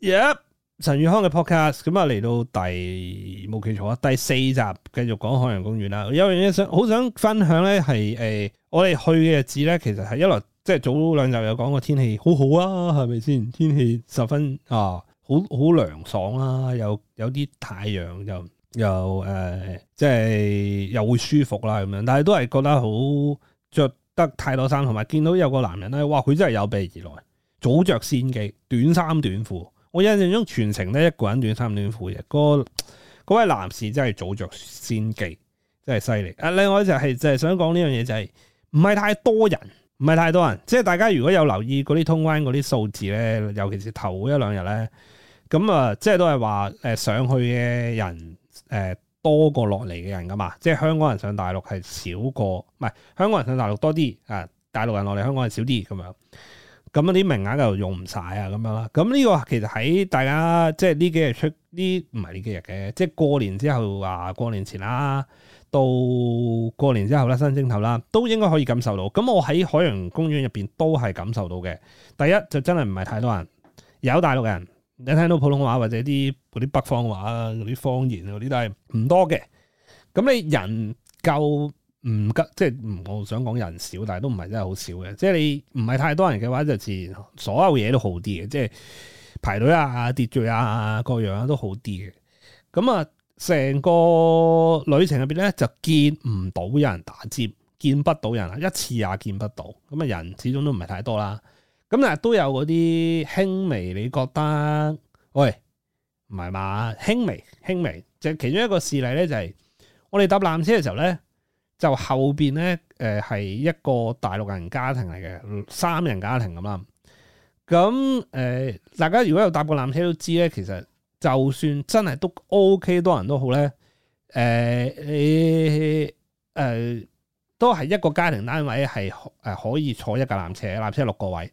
耶！陳宇康嘅 podcast 咁啊，嚟到第冇記錯啊，第四集繼續講海洋公園啦。有樣嘢想好想分享咧，係、呃、誒，我哋去嘅日子咧，其實係一來即係、就是、早兩集有講個天氣好好啊，係咪先？天氣十分啊，好好涼爽啦、啊，有有啲太陽又又誒，即、呃、係、就是、又會舒服啦咁樣。但係都係覺得好着得太多衫，同埋見到有個男人咧，哇！佢真係有備而來，早着先機，短衫短褲。我印象中全程咧一個人短衫短褲嘅，嗰嗰位男士真係早着先機，真係犀利。啊，另外就係、是、就係、是、想講呢樣嘢就係唔係太多人，唔係太多人，即係大家如果有留意嗰啲通關嗰啲數字咧，尤其是頭一兩日咧，咁啊，即係都係話誒上去嘅人誒、呃、多過落嚟嘅人㗎嘛，即係香港人上大陸係少過，唔係香港人上大陸多啲啊，大陸人落嚟香港係少啲咁樣。咁啊啲名額又用唔晒啊咁樣啦，咁呢個其實喺大家即係呢幾日出，呢唔係呢幾日嘅，即係過年之後啊過年前啦，到過年之後啦，新正頭啦，都應該可以感受到。咁我喺海洋公園入面都係感受到嘅。第一就真係唔係太多人，有大陸人，你聽到普通話或者啲嗰啲北方話嗰啲方言嗰啲都係唔多嘅。咁你人夠。唔急，即係唔，我想講人少，但係都唔係真係好少嘅。即係你唔係太多人嘅話，就自然所有嘢都好啲嘅。即係排隊啊、秩序啊、各樣都好啲嘅。咁啊，成個旅程入邊咧，就見唔到有人打尖，見不到人，一次也見不到。咁啊，人始終都唔係太多啦。咁啊，但都有嗰啲輕微，你覺得喂唔係嘛？輕微，輕微，就係、是，其中一個事例咧，就係、是、我哋搭纜車嘅時候咧。就後邊咧，誒、呃、係一個大陸人家庭嚟嘅，三人家庭咁啦。咁、嗯、誒、呃，大家如果有搭過纜車都知咧，其實就算真係都 O、OK、K 多人都好咧，誒、呃、誒、呃呃，都係一個家庭單位係誒可以坐一架纜車，纜車六個位。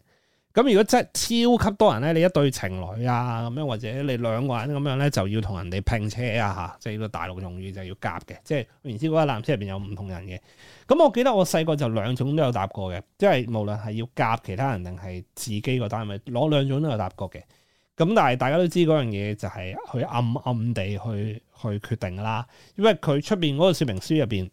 咁如果真係超級多人咧，你一對情侶啊咁樣，或者你兩個人咁樣咧，就要同人哋拼車啊吓，即係呢個大陸用語就要夾嘅。即係原知嗰個纜車入面有唔同人嘅。咁我記得我細個就兩種都有搭過嘅，即係無論係要夾其他人定係自己個單位，攞兩種都有搭過嘅。咁但係大家都知嗰樣嘢就係去暗暗地去去決定㗎啦，因為佢出面嗰個說明書入面，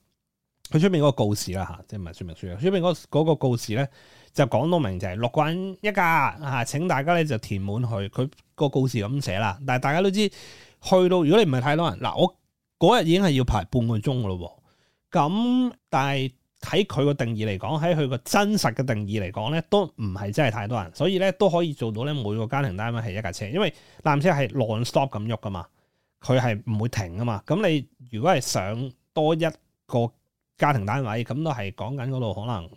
佢出面嗰個告示啦吓，即係唔係說明書啊？出面嗰個告示咧。就講到明就係六個人一架嚇，請大家咧就填滿佢。佢個告示咁寫啦，但係大家都知去到如果你唔係太多人嗱，我嗰日已經係要排半個鐘噶咯喎。咁但係喺佢個定義嚟講，喺佢個真實嘅定義嚟講咧，都唔係真係太多人，所以咧都可以做到咧每個家庭單位係一架車，因為纜車係亂 stop 咁喐噶嘛，佢係唔會停㗎嘛。咁你如果係上多一個家庭單位，咁都係講緊嗰度可能。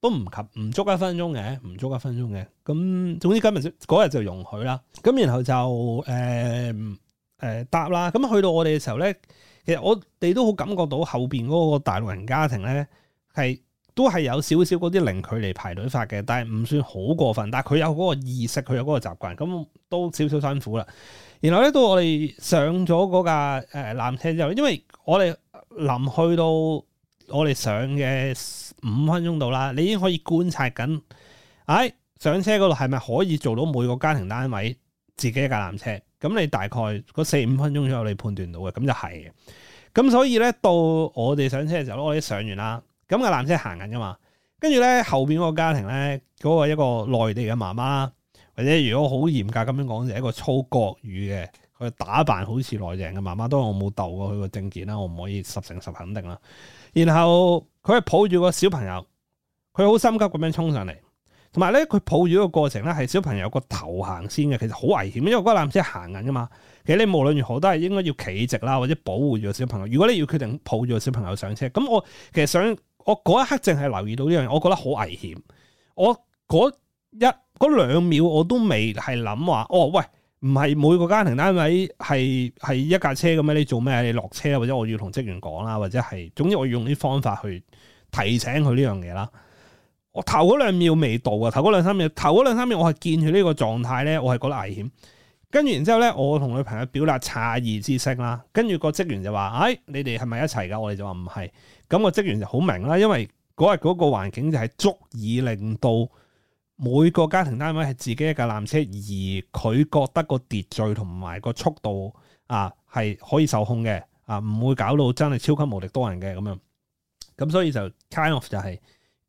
都唔及唔足一分鐘嘅，唔足一分鐘嘅。咁總之今日嗰日就容許啦。咁然後就誒誒搭啦。咁、呃呃、去到我哋嘅時候咧，其實我哋都好感覺到後面嗰個大陸人家庭咧，係都係有少少嗰啲零距離排隊法嘅，但係唔算好過分。但係佢有嗰個意識，佢有嗰個習慣，咁都少少辛苦啦。然後咧，到我哋上咗嗰架誒纜車之後，因為我哋臨去到。我哋上嘅五分鐘到啦，你已經可以觀察緊，哎，上車嗰度係咪可以做到每個家庭單位自己一架纜車？咁你大概嗰四五分鐘左右，你判斷到嘅，咁就係嘅。咁所以咧，到我哋上車嘅時候，我哋上完啦，咁架纜車行緊噶嘛，跟住咧後邊嗰個家庭咧，嗰、嗰個一個內地嘅媽媽，或者如果好嚴格咁樣講，就係、一個粗國語嘅。佢打扮好似內型嘅媽媽，當我冇逗過佢個證件啦，我唔可以十成十肯定啦。然後佢係抱住個小朋友，佢好心急咁樣衝上嚟，同埋咧佢抱住個過程咧係小朋友個頭行先嘅，其實好危險，因為嗰架纜車行緊噶嘛。其實你無論如何都係應該要企直啦，或者保護住個小朋友。如果你要決定抱住個小朋友上車，咁我其實想我嗰一刻淨係留意到呢樣嘢，我覺得好危險。我嗰一嗰兩秒我都未係諗話，哦喂。唔係每個家庭單位係係一架車咁樣，你做咩？你落車，或者我要同職員講啦，或者係總之我要用啲方法去提醒佢呢樣嘢啦。我頭嗰兩秒未到啊，頭嗰兩三秒，頭嗰兩三秒我係見佢呢個狀態咧，我係覺得危險。跟住然之後咧，我同女朋友表達詫異之聲啦。跟住、哎那個職員就話，哎，你哋係咪一齊噶？我哋就話唔係。咁個職員就好明啦，因為嗰日嗰個環境就係足以令到，每個家庭單位係自己一架纜車，而佢覺得個秩序同埋個速度啊係可以受控嘅啊，唔會搞到真係超級無敵多人嘅咁樣。咁所以就 kind of 就係、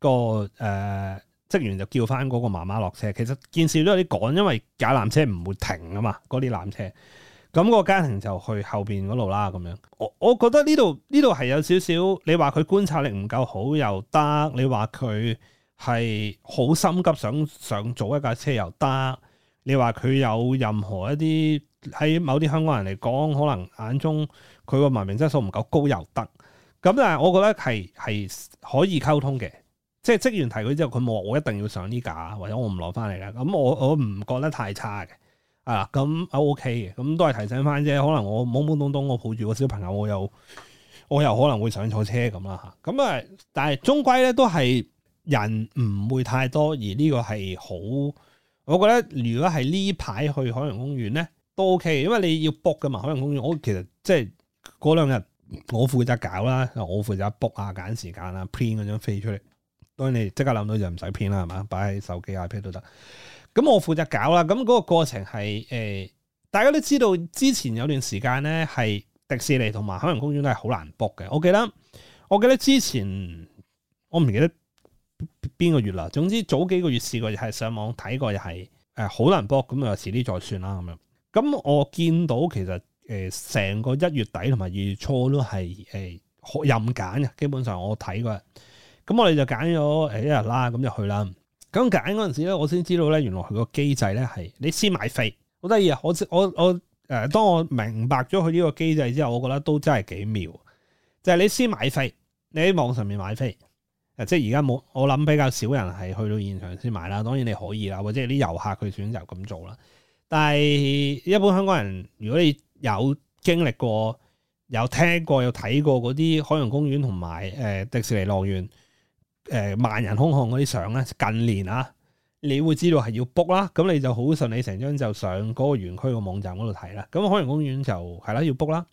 嗰個誒、呃、職員就叫翻嗰個媽媽落車。其實件事都有啲趕，因為架纜車唔會停啊嘛，嗰啲纜車。咁、嗰個家庭就去後邊嗰度啦咁樣。我我覺得呢度呢度係有少少，你話佢觀察力唔夠好又得，你話佢。係好心急想上，想想做一架車又得。你話佢有任何一啲喺某啲香港人嚟講，可能眼中佢個文明質素唔夠高又得。咁但係我覺得係係可以溝通嘅。即係職員提佢之後，佢冇話我一定要上呢架，或者我唔攞翻嚟嘅。咁我我唔覺得太差嘅，啊咁 O K 嘅。咁、OK、都係提醒翻啫。可能我懵懵懂懂，我抱住個小朋友，我又我又可能會上錯車咁啦吓。咁啊，但係終歸咧都係。人唔會太多，而呢個係好，我覺得如果係呢排去海洋公園咧都 OK，因為你要 book 嘅嘛。海洋公園我其實即係嗰兩日我負責搞啦，我負責 book 啊、揀時間啊、print 嗰張飛出嚟。當然你即刻諗到就唔使 print 啦，係嘛？擺喺手機 iPad 都得。咁我負責搞啦，咁嗰個過程係誒、呃，大家都知道之前有段時間咧係迪士尼同埋海洋公園都係好難 book 嘅。我記得，我記得之前我唔記得。邊個月啦？總之早幾個月試過，又係上網睇過，又係誒好難 book，咁啊遲啲再算啦咁樣。咁我見到其實誒成、呃、個一月底同埋二月初都係誒、呃、任揀嘅，基本上我睇過。咁我哋就揀咗誒一日啦，咁、哎、就去啦。咁揀嗰陣時咧，我先知道咧，原來佢個機制咧係你先買飛，好得意啊！我我我誒、呃，當我明白咗佢呢個機制之後，我覺得都真係幾妙。就係、是、你先買飛，你喺網上面買飛。誒，即係而家冇，我諗比較少人係去到現場先買啦。當然你可以啦，或者係啲遊客佢選擇咁做啦。但係一般香港人，如果你有經歷過、有聽過、有睇過嗰啲海洋公園同埋誒迪士尼樂園誒萬人空巷嗰啲相咧，近年啊，你會知道係要 book 啦。咁你就好順理成章就上嗰個園區個網站嗰度睇啦。咁海洋公園就係啦，要 book 啦。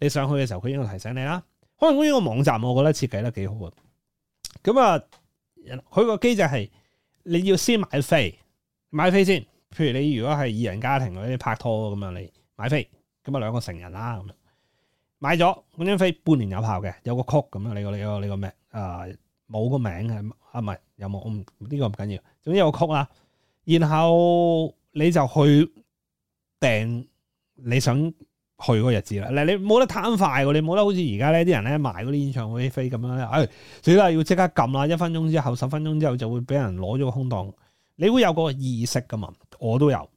你上去嘅時候，佢應該提醒你啦。海洋公園個網站，我覺得設計得幾好啊。咁啊，佢個機制係你要先買飛買飛先。譬如你如果係二人家庭嗰啲拍拖咁樣，你買飛咁啊，兩個成人啦咁樣買咗嗰張飛半年有效嘅，有個曲咁樣。你個你個你、呃、個名啊，冇、這個名係啊，唔係有冇？我唔呢個唔緊要，總之有個曲啦。然後你就去訂你想去個日子啦，嗱你冇得攤快，你冇得好似而家呢啲人咧賣嗰啲演唱會飛咁樣咧，哎，所以要即刻撳啦，一分鐘之後、十分鐘之後就會俾人攞咗個空檔，你會有個意識噶嘛，我都有。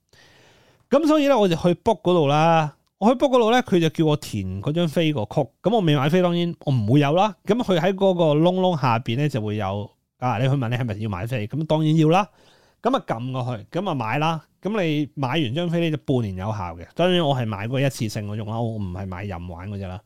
咁所以咧，我就去 book 嗰度啦，我去 book 嗰度咧，佢就叫我填嗰張飛個曲，咁我未買飛，當然我唔會有啦。咁佢喺嗰個窿窿下面咧就會有啊，你去問你係咪要買飛，咁當然要啦。咁啊撳過去，咁啊買啦。咁你買完張飛呢就半年有效嘅。當然我係買過一次性我用啦，我唔係買任玩嗰隻啦。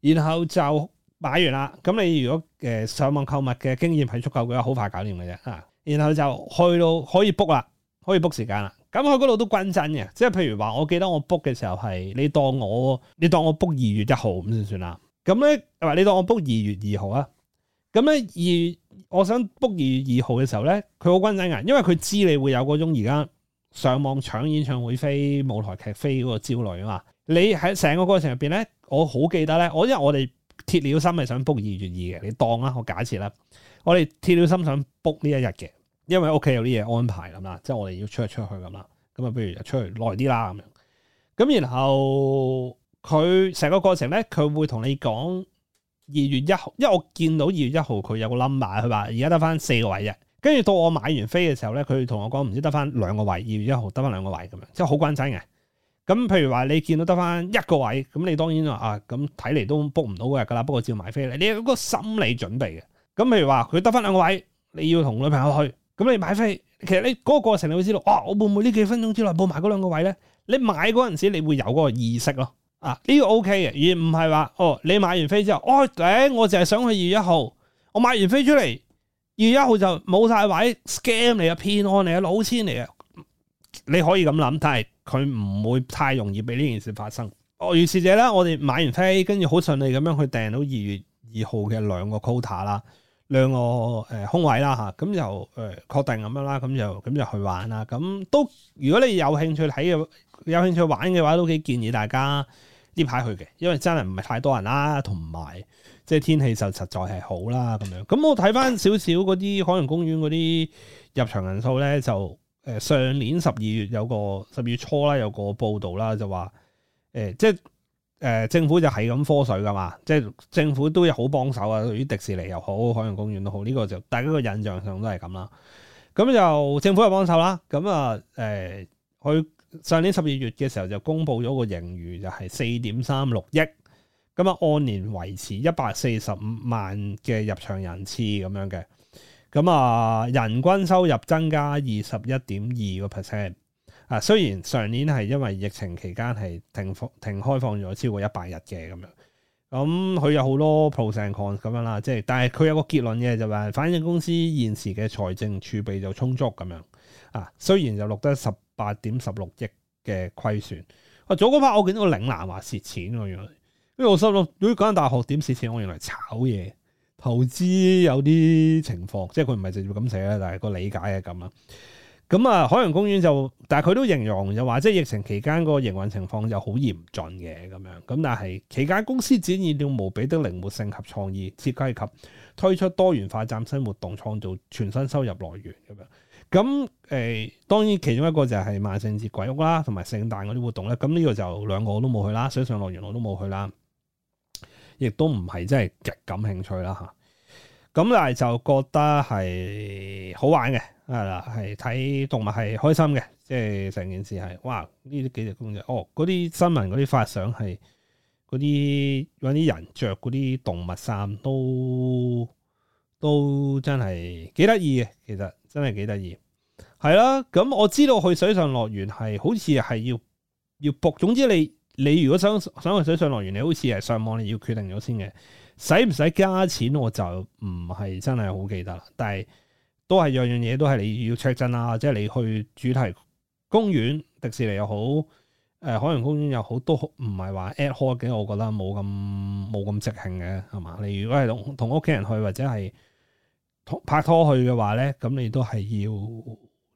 然後就買完啦。咁你如果誒上網購物嘅經驗係足夠嘅話，好快搞掂嘅啫嚇。然後就去到可以 book 啦，可以 book 時間啦。咁佢嗰度都均真嘅，即係譬如話，我記得我 book 嘅時候係你當我你當我 book 二月一號咁先算啦。咁咧話你當我 book 二月二號啊。咁咧二。我想 book 二月二號嘅時候咧，佢好均整啊，因為佢知你會有嗰種而家上網搶演唱會飛、舞台劇飛嗰個焦慮啊嘛。你喺成個過程入邊咧，我好記得咧，我因為我哋鐵了心係想 book 二月二嘅，你當啦，我假設啦，我哋鐵了心想 book 呢一日嘅，因為屋企有啲嘢安排咁啦，即係我哋要出嚟出去咁啦，咁啊不如就出去耐啲啦咁樣。咁然後佢成個過程咧，佢會同你講。二月一號，因為我見到二月一號佢有個 number，佢話而家得翻四個位啫，跟住到我買完飛嘅時候咧，佢同我講唔知得翻兩個位，二月一號得翻兩個位咁樣，即係好關心嘅。咁譬如話你見到得翻一個位，咁你，你當然啊，咁睇嚟都 book 唔到嘅啦。不過只要買飛你有個心理準備嘅。咁譬如話佢得翻兩個位，你要同女朋友去，咁你買飛，其實你嗰個過程你會知道，哦、啊，我會唔會呢幾分鐘之內 book 埋嗰兩個位咧？你買嗰陣時，你會有嗰個意識咯。啊呢個 OK 嘅，而唔係話哦，你買完飛之後，哦誒，我淨係想去二月一號，我買完飛出嚟二月一號就冇晒位，scam 你啊，騙案你啊，老千嚟啊！你可以咁諗，但係佢唔會太容易俾呢件事發生。哦，於是者呢，我哋買完飛，跟住好順利咁樣去訂到二月二號嘅兩個 quota 啦，兩個、呃、空位啦吓，咁就、呃、確定咁樣啦，咁就咁就去玩啦。咁都如果你有興趣睇嘅，有興趣玩嘅話，都幾建議大家。呢排去嘅，因為真係唔係太多人啦，同埋即係天氣就實在係好啦咁樣。咁我睇翻少少嗰啲海洋公園嗰啲入場人數咧，就誒、呃、上年十二月有個十二月初啦，有個報道啦，就話誒即係誒政府就係咁科水噶嘛，即係政府都有好幫手啊，對於迪士尼又好，海洋公園都好，呢個就大家個印象上都係咁啦。咁就政府有幫手啦，咁啊誒去。上年十二月嘅時候就公布咗個盈餘就係四點三六億，咁啊按年維持一百四十五萬嘅入場人次咁樣嘅，咁啊人均收入增加二十一點二個 percent，啊雖然上年係因為疫情期間係停放停開放咗超過一百日嘅咁樣，咁佢有好多 pros and cons 咁樣啦，即係但係佢有個結論嘅就話反映公司現時嘅財政儲備就充足咁樣，啊雖然就錄得十八點十六億嘅虧損，哇！早嗰排我見到嶺南話蝕錢，原來我，因住我心諗，如果講緊大學點蝕錢，我原來炒嘢投資有啲情況，即係佢唔係直接咁寫啦，但係個理解係咁啦。咁、嗯、啊，海洋公園就，但係佢都形容又話，即係疫情期間個營運情況就好嚴峻嘅咁樣。咁但係期間公司展現了無比的靈活性及創意，設計及推出多元化嶄新活動，創造全新收入來源咁樣。咁誒、呃，當然其中一個就係萬聖節鬼屋啦，同埋聖誕嗰啲活動啦，咁呢個就兩個我都冇去啦，水上樂園我都冇去啦，亦都唔係真係極感興趣啦吓。咁、啊、但係就覺得係好玩嘅，係啦，係睇動物係開心嘅，即係成件事係哇！呢啲幾隻公仔，哦，嗰啲新聞嗰啲發相係嗰啲有啲人着嗰啲動物衫，都都真係幾得意嘅，其實。真係幾得意，係啦、啊。咁我知道去水上樂園係好似係要要仆，總之你你如果想想去水上樂園，你好似係上網你要決定咗先嘅，使唔使加錢我就唔係真係好記得啦。但係都係樣樣嘢都係你要 check 真啊，即係你去主題公園、迪士尼又好，誒、呃、海洋公園又好，都唔係話 ad hoc 嘅，我覺得冇咁冇咁即興嘅係嘛？你如果係同同屋企人去或者係。拍拖去嘅話咧，咁你都係要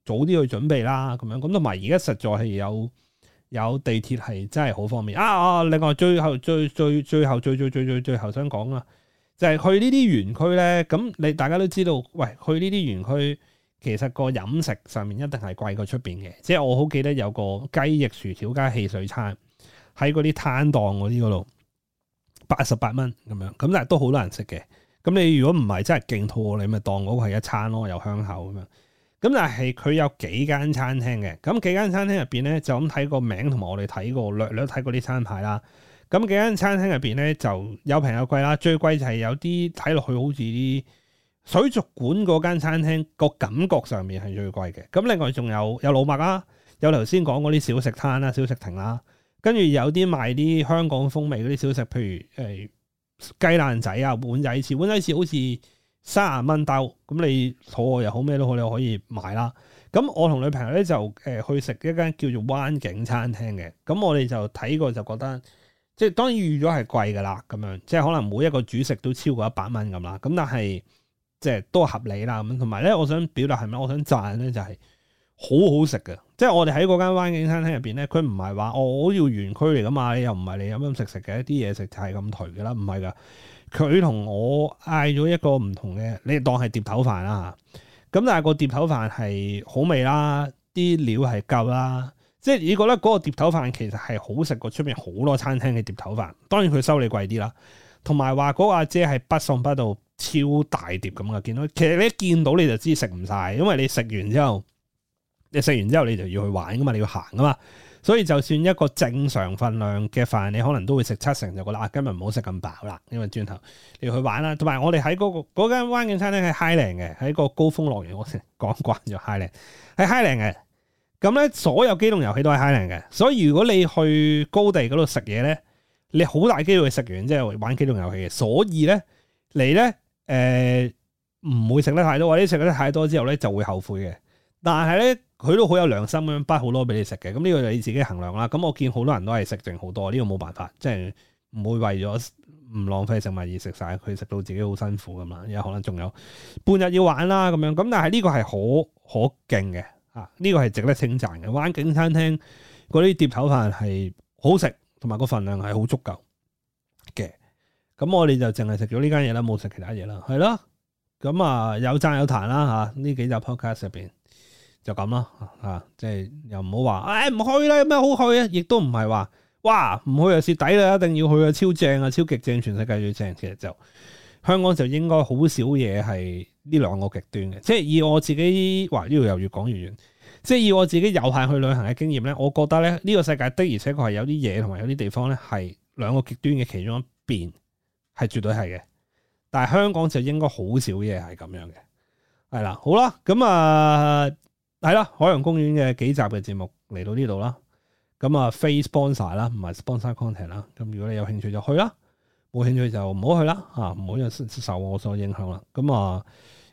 早啲去準備啦，咁樣咁同埋而家實在係有有地鐵係真係好方便啊，啊！另外最後最最最後最最最最最後想講啦，就係去呢啲園區咧，咁你大家都知道，喂，去呢啲園區其實個飲食上面一定係貴過出邊嘅，即係我好記得有個雞翼薯條加汽水餐喺嗰啲攤檔嗰啲嗰度八十八蚊咁樣，咁但係都好難食嘅。咁你如果唔係真係勁肚餓，你咪當嗰個係一餐咯，有香口咁樣。咁但係佢有幾間餐廳嘅，咁幾間餐廳入面咧就咁睇個名，同埋我哋睇過略略睇過啲餐牌啦。咁幾間餐廳入面咧就有平有貴啦，最貴就係有啲睇落去好似啲水族館嗰間餐廳個感覺上面係最貴嘅。咁另外仲有有老麥啦、啊，有頭先講嗰啲小食攤啦、啊、小食亭啦、啊，跟住有啲賣啲香港風味嗰啲小食，譬如、哎雞蛋仔啊，碗仔翅、碗仔翅好似卅啊蚊兜，咁你肚餓又好咩都好，你可以買啦。咁我同女朋友咧就誒去食一間叫做灣景餐廳嘅，咁我哋就睇過就覺得，即係當然預咗係貴噶啦，咁樣即係可能每一個主食都超過一百蚊咁啦，咁但係即係都合理啦，咁同埋咧，我想表達係咩？我想讚咧就係、是。好好食嘅，即係我哋喺嗰間灣景餐廳入邊咧，佢唔係話我要園區嚟噶嘛？你又唔係你飲飲食食嘅，啲嘢食就係咁頹噶啦，唔係噶。佢同我嗌咗一個唔同嘅，你當係碟頭飯啦。咁但係個碟頭飯係好味啦，啲料係夠啦，即係你覺得嗰個碟頭飯其實係好食過出面好多餐廳嘅碟頭飯。當然佢收你貴啲啦，同埋話嗰個阿姐係不送不到超大碟咁嘅，見到其實你一見到你就知食唔晒，因為你食完之後。食完之後你就要去玩噶嘛，你要行噶嘛，所以就算一個正常份量嘅飯，你可能都會食七成，就覺得啊，今日唔好食咁飽啦，因為轉頭你要去玩啦。同埋我哋喺嗰個嗰間灣景餐廳係 High 嶺嘅，喺個高峰樂園，我講慣咗 High 嶺，係 High 嶺嘅。咁咧所有機動遊戲都係 High 嶺嘅，所以如果你去高地嗰度食嘢咧，你好大機會食完之後玩機動遊戲嘅。所以咧你咧誒唔會食得太多，或者食得太多之後咧就會後悔嘅。但係咧。佢都好有良心咁，包好多俾你食嘅。咁、這、呢個就你自己衡量啦。咁我見好多人都係食剩好多，呢、這個冇辦法，即係唔會為咗唔浪費食物而食晒，佢食到自己好辛苦噶嘛。有可能仲有半日要玩啦，咁樣。咁但係呢個係好好勁嘅，啊呢、這個係值得稱讚嘅。灣景餐廳嗰啲碟頭飯係好食，同埋個份量係好足夠嘅。咁我哋就淨係食咗呢間嘢啦，冇食其他嘢啦，係咯、啊。咁啊有讚有彈啦吓，呢幾集 podcast 入邊。就咁啦，啊，即係又唔好話，誒、哎、唔去啦，有咩好去啊？亦都唔係話，哇唔去又蝕底啦，一定要去啊，超正啊，超極正，全世界最正。其實就香港就應該好少嘢係呢兩個極端嘅，即係以我自己話呢度又越講越遠，即係以我自己有限去旅行嘅經驗咧，我覺得咧呢、這個世界的而且確係有啲嘢同埋有啲地方咧，係兩個極端嘅其中一邊係絕對係嘅，但係香港就應該好少嘢係咁樣嘅，係啦，好啦，咁啊。係啦，海洋公園嘅幾集嘅節目嚟到呢度啦，咁啊非 sponsor 啦，唔係 sponsor content 啦，咁如果你有興趣就去啦，冇興趣就唔好去啦，啊，唔好又受我所影響啦，咁啊，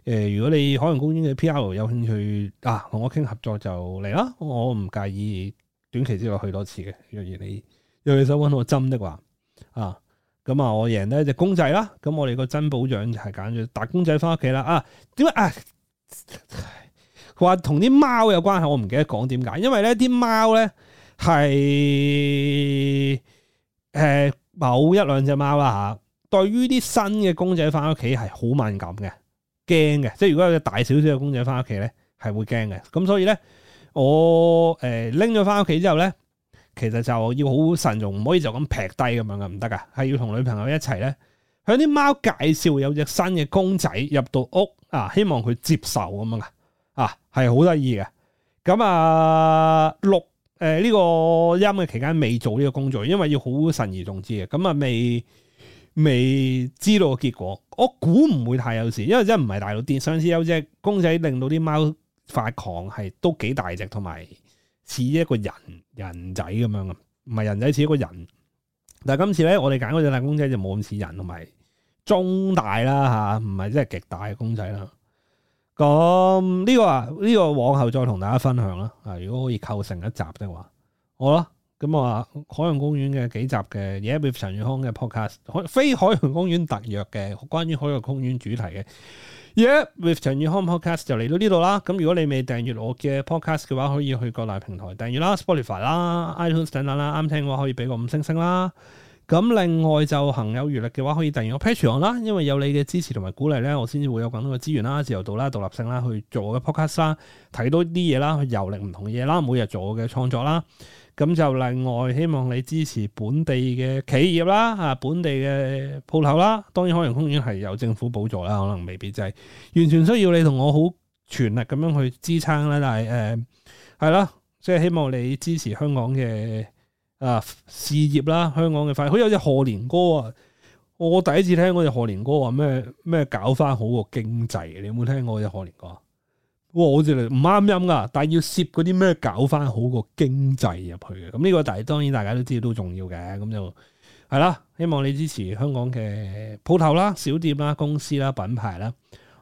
誒、呃，如果你海洋公園嘅 PR 有興趣啊，同我傾合作就嚟啦，我唔介意短期之內去多次嘅，若然你若你想揾我斟的話，啊，咁啊，我贏咗一隻公仔啦，咁我哋個真保障就係揀咗大公仔翻屋企啦，啊，點啊？ 話同啲貓有關係，我唔記得講點解，因為咧啲貓咧係誒某一兩隻貓啦吓，對於啲新嘅公仔翻屋企係好敏感嘅，驚嘅，即係如果有隻大少少嘅公仔翻屋企咧係會驚嘅，咁所以咧我誒拎咗翻屋企之後咧，其實就要好慎重，唔可以就咁劈低咁樣嘅。唔得噶，係要同女朋友一齊咧，向啲貓介紹有隻新嘅公仔入到屋啊，希望佢接受咁樣啊。啊，係好得意嘅。咁啊錄誒呢個音嘅期間未做呢個工作，因為要好慎而重之嘅。咁啊未未知道個結果，我估唔會太有事，因為真唔係大到癲。上次有隻公仔令到啲貓發狂，係都幾大隻，同埋似一個人人仔咁樣嘅，唔係人仔似一個人。但係今次咧，我哋揀嗰隻大公仔就冇咁似人，同埋中大啦吓，唔、啊、係真係極大嘅公仔啦。咁、這、呢個啊呢、這個往後再同大家分享啦。啊，如果可以構成一集的話，好啦。咁啊，海洋公園嘅幾集嘅嘢、yeah,，with 陳宇康嘅 podcast，非海洋公園特約嘅，關於海洋公園主題嘅。而、yeah, 家 with 陳宇康 podcast 就嚟到呢度啦。咁如果你未訂閱我嘅 podcast 嘅話，可以去各大平台訂閱啦，Spotify 啦，iTunes 等等啦。啱聽嘅話，可以俾個五星星啦。咁另外就行有餘力嘅話，可以訂閱我 Patreon 啦，因為有你嘅支持同埋鼓勵咧，我先至會有更多嘅資源啦、自由度啦、獨立性啦，去做我嘅 podcast 啦，睇多啲嘢啦，去遊歷唔同嘢啦，每日做我嘅創作啦。咁就另外希望你支持本地嘅企業啦、本地嘅鋪頭啦。當然海洋公園係有政府補助啦，可能未必就係完全需要你同我好全力咁樣去支撐啦，但係係啦，即、嗯、係、就係、希望你支持香港嘅。啊！事業啦，香港嘅快，好有隻賀年歌啊！我第一次聽嗰隻賀年歌話咩咩搞翻好個經濟，你有冇聽過嗰隻賀年歌？哇！我好似唔啱音噶，但係要攝嗰啲咩搞翻好個經濟入去嘅，咁呢個但係當然大家都知道都重要嘅，咁就係啦。希望你支持香港嘅鋪頭啦、小店啦、公司啦、品牌啦。